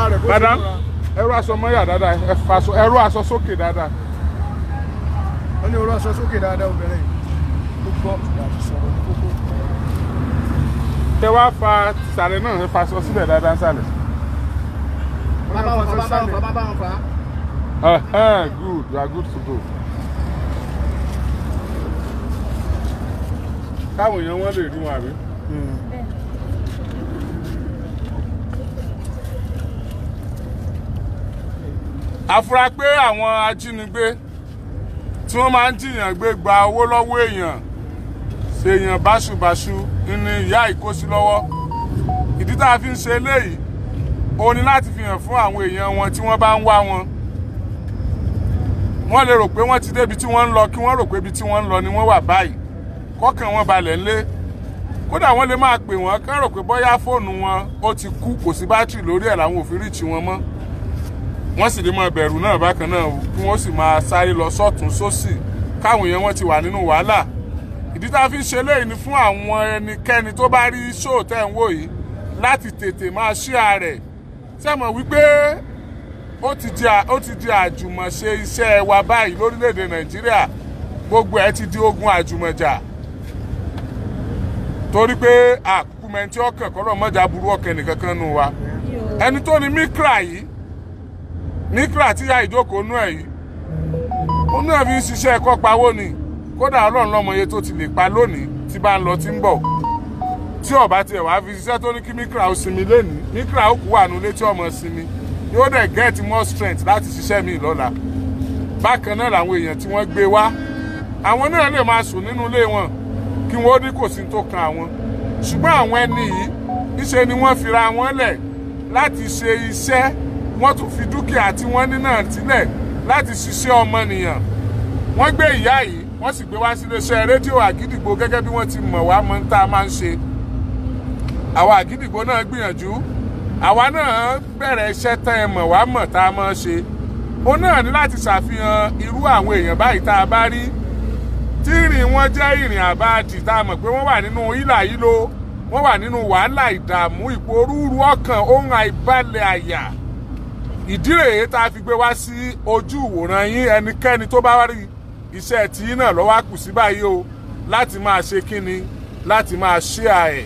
múra rẹ̀ bó ṣe múra. ẹrú aṣọ mọ́yà dáadáa ẹrú aṣọ sókè dáadáa. ó ní ẹrú aṣọ sókè dáadáa obìnrin yìí gbọ́ láti sọ̀rọ̀ ní kókó. tẹ wá fa sàlẹ̀ náà ẹ fa aṣọ sílẹ̀ dáadáa sàlẹ̀. bàbá wọn fa bàbá wọn fa. good you are good to go. káwọn èèyàn wọn lè rí wọn àbí. Hmm. àfura pé àwọn ajínigbé tí wọ́n máa ń jiyàn gbé gba owó lọ́wọ́ èèyàn ṣèyàn báṣubàṣu ní ìyá ìkóṣí lọ́wọ́ ìdí tá a fi ń ṣe eléyìí òun ni láti fi hàn fún àwọn èèyàn wọn tí wọ́n bá ń wá wọn wọ́n lè rò pé wọ́n ti débi tí wọ́n ń lọ kí wọ́n rò pé ibi tí wọ́n ń lọ ni wọ́n wà báyìí kọ́kàn wọn balẹ̀ ńlé kódà wọ́n lè máa pè wọ́n kán rò pé bóyá fóònù wọn ó ti kú kò sí bátìrì lórí ẹ̀ làwọn ò fi ríìchì wọn mọ́ wọ́n sì lè máa bẹ̀rù náà bákan náà kí wọ́n sì máa sáré lọ sọ́tún sósì káwọn èèyàn wọn ti wà nínú wàhálà ìdí tá a fi ṣe léyìí ni fún àwọn ẹnikẹ́ni tó bá rí ṣóò tẹ̀ ń wò yìí láti tètè máa ṣíà rẹ̀ sẹ́mọ̀ wípé ó ti di àjùmọ̀ṣe iṣẹ́ wa báyìí lórílẹ̀‐èdè nàìjíríà gbogbo ẹ̀ ti di ogun àjùmọ̀jà torí pé àkùkùmẹ̀ntì ọkàn kọ́lọ́ burú ọkàn nìkankan nù wa ẹni tó ni mí kra yìí níkírà tí ya ìjókòó nú ẹ̀ yìí òun náà fi ń ṣiṣẹ́ ẹ̀kọ́ pawó ni kódà ọlọ́run lọ́mọye tó ti lè pa lónìí tí bá ń lọ tí ń bọ̀ tí ọba tiẹ̀ wá fi ṣiṣẹ́ tó ní kí níkírà ó sinmi lénìí níkírà ó kú wà nílé tí ọmọ sinmi yóò dẹ̀ get more strength láti ṣiṣẹ́ mi lọ́la bákan náà làwọn èèyàn tí wọ́n gbé wá àwọn náà lè máa sùn nínú ilé wọn kí wọ́n ní kò sí tó kan àwọn ṣùgbọ́n àwọn ẹni yìí ńṣe ni wọ́n fira wọn lẹ̀ láti ṣe iṣẹ́ wọ́n tún fi dúkìá tí wọ́n ní náà sílẹ̀ láti ṣiṣẹ́ ọmọnìyàn wọ́n gbé ìyá yìí wọ́n sì gbé wá sí rédíò àgídìgbò gẹ́gẹ́ bí wọ́n ti mọ̀ wá mọ́ tá a máa ń ṣe àwa àgídìgbò náà gbìyànjú àwa náà bẹ̀rẹ̀ iṣẹ́ tẹ́ ẹ mọ̀ wá mọ̀ tá a máa ṣe ó náà ní láti ṣàfihàn irú àwọn èèyàn báyìí tá a bá rí tí ìrìn wọn jẹ́ ìrìn àbáàdì tá a mọ̀ pé wọ́n wà nínú ìlà yìí ló wọ́n wà nínú wàhálà ìdààmú ìpòrúurú ọkàn ohun àìbalẹ̀ àyà ìdí rèé tá a fi gbé wá sí ojú ìwòran yín ẹnikẹ́ni tó bá wá rí iṣẹ́ tí yín náà lọ́wọ́ kù sí báyìí o láti máa ṣe kíni láti máa ṣíà ẹ̀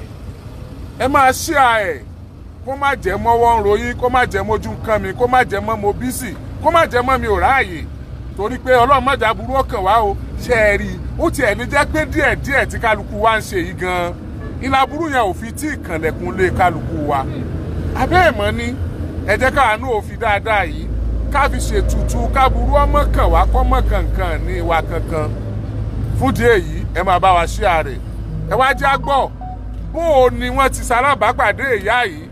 ẹ máa ṣíà ẹ̀ kó má jẹ́ mọ́wọ́ ń ròyìn kó má jẹ́ mójú nǹkan mi kó má jẹ́ mọ́ mo bí sì kó má jẹ́ mọ́ mi ò ráàyè torí pé ọlọ́run mọ̀jà burú ọkàn wá o ṣe é rí i ó tiẹ̀ lè jẹ́ pé díẹ̀ díẹ̀ tí kálukú wa ń ṣe yìí gan-an ìlà yẹn ò fi tí ìkànlẹ̀kùn lé kálukú wa abẹ́ ni. ẹ jẹ́ káàánú òfin dáadáa yìí ka fi ṣètùtù káburú ọmọ kan wá kọ́mọ kankan ní ìwà kankan fúndì èyí ẹ máa bá wa ṣí ààrẹ ẹ wá já gbọ́ bó o ni wọ́n ti ṣalábàápàdé ìyá yìí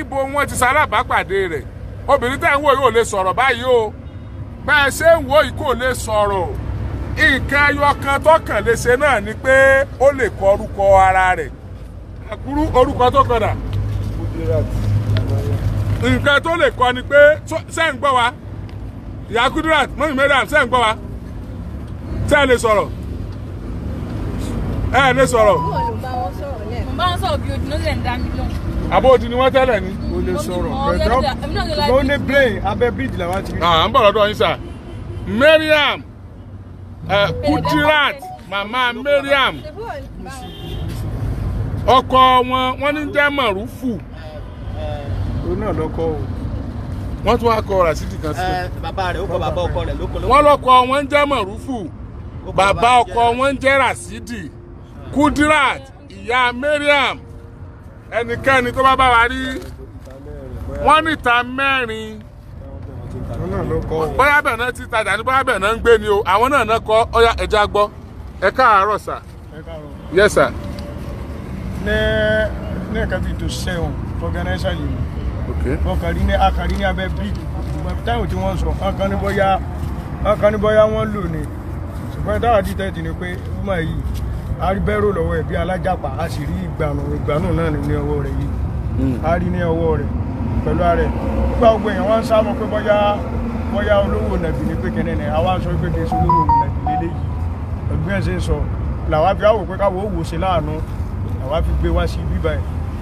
ibo wọ́n ti ṣalábàápàdé rẹ̀ obìnrin tẹ́ ń wò yìí ò lè sọ̀rọ̀ báyìí o bẹ́ẹ̀ ṣe ń wò yìí kò lè sọ̀rọ̀ nǹkan ayọ̀kan tọkàn lè ṣe náà ni pé ó lè kọ orúkọ ara rẹ. àkúrú orúkọ tó kọ̀dà. nǹkan tó lè kọ ni pé ṣé ń gbọ́ wa ìyá mọ́mí Mariam ṣé ń gbọ́ wa ṣé lè sọ̀rọ̀ ẹ lè sọ̀rọ̀. mo ni wọ́n tẹ́lẹ̀ ni. o lè sọ̀rọ̀ pẹ̀lú ó ní brain abẹ́ bíìdì làwọn ti rí. à ń bọ̀ lọ́dọ̀ yín sà Mariam Kudirat màmá ọkọ wọn wọn ní jẹ́ òun náà lọ́kọ́ o wọ́n tún wá kọ rasidi kan sí. Eh, bàbá rẹ̀ ó kọ bàbá ọkọ rẹ̀ lóko lóko. wọ́n lọ́kọ wọn ń jẹ́ mọ̀rúfù bàbá ọkọ wọn ń jẹ́ rasidi kudirat ìyá mariam ẹnikẹ́ni tó bá bá wa rí wọ́n níta mẹ́rin bóyá bẹ̀ náà ti tajà ní bóyá bẹ̀ náà ń gbé ni o àwọn náà náà kọ ọyá ẹja gbọ́ ẹ káàárọ̀ sà yẹ sà. ní ẹ̀ka ti dùn sẹ́wọ̀n fọ́gánẹ́sà yìí wọn kàn rí ní akàrí ní abẹ́ bíríkì táwọn tí wọ́n sọ ọkàn ní bóyá ọkàn ní bóyá wọ́n lò ní ṣùgbọ́n táwọn dìtẹ̀ tì ní pé wúmọ̀ yìí a rí bẹ́rù lọ́wọ́ ẹ̀ bí alájàpá a sì rí ìgbànú ìgbànú náà ní ọwọ́ rẹ̀ yìí hmm. a rí ní ọwọ́ rẹ̀ pẹ̀lú ààrẹ nígbà gbogbo èèyàn wọ́n ń sá mọ́ pé bóyá bóyá olówó nàbì ní pé kẹ́nẹ́ ni àwa sọ pé kì í solówó nàbì lélẹ́yìí ẹ̀gbẹ́ ẹ̀ ṣe sọ làwa fi àwò pé káwọ́ òwò ṣe láàánú làwa fi gbé wá sí bíbá yìí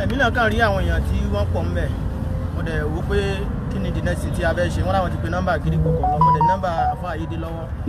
èmi náà kàn rí àwọn èèyàn tí wọ́n pọ̀ ńbẹ̀ mo dẹ̀ wò pé kí ni the next thing tí a fẹ́ ṣe wọ́n láwọn ti pe nọ́mbà gírí kọ̀ọ̀kan mo dẹ̀ nọ́mbà àfọ àyédè lọ́wọ́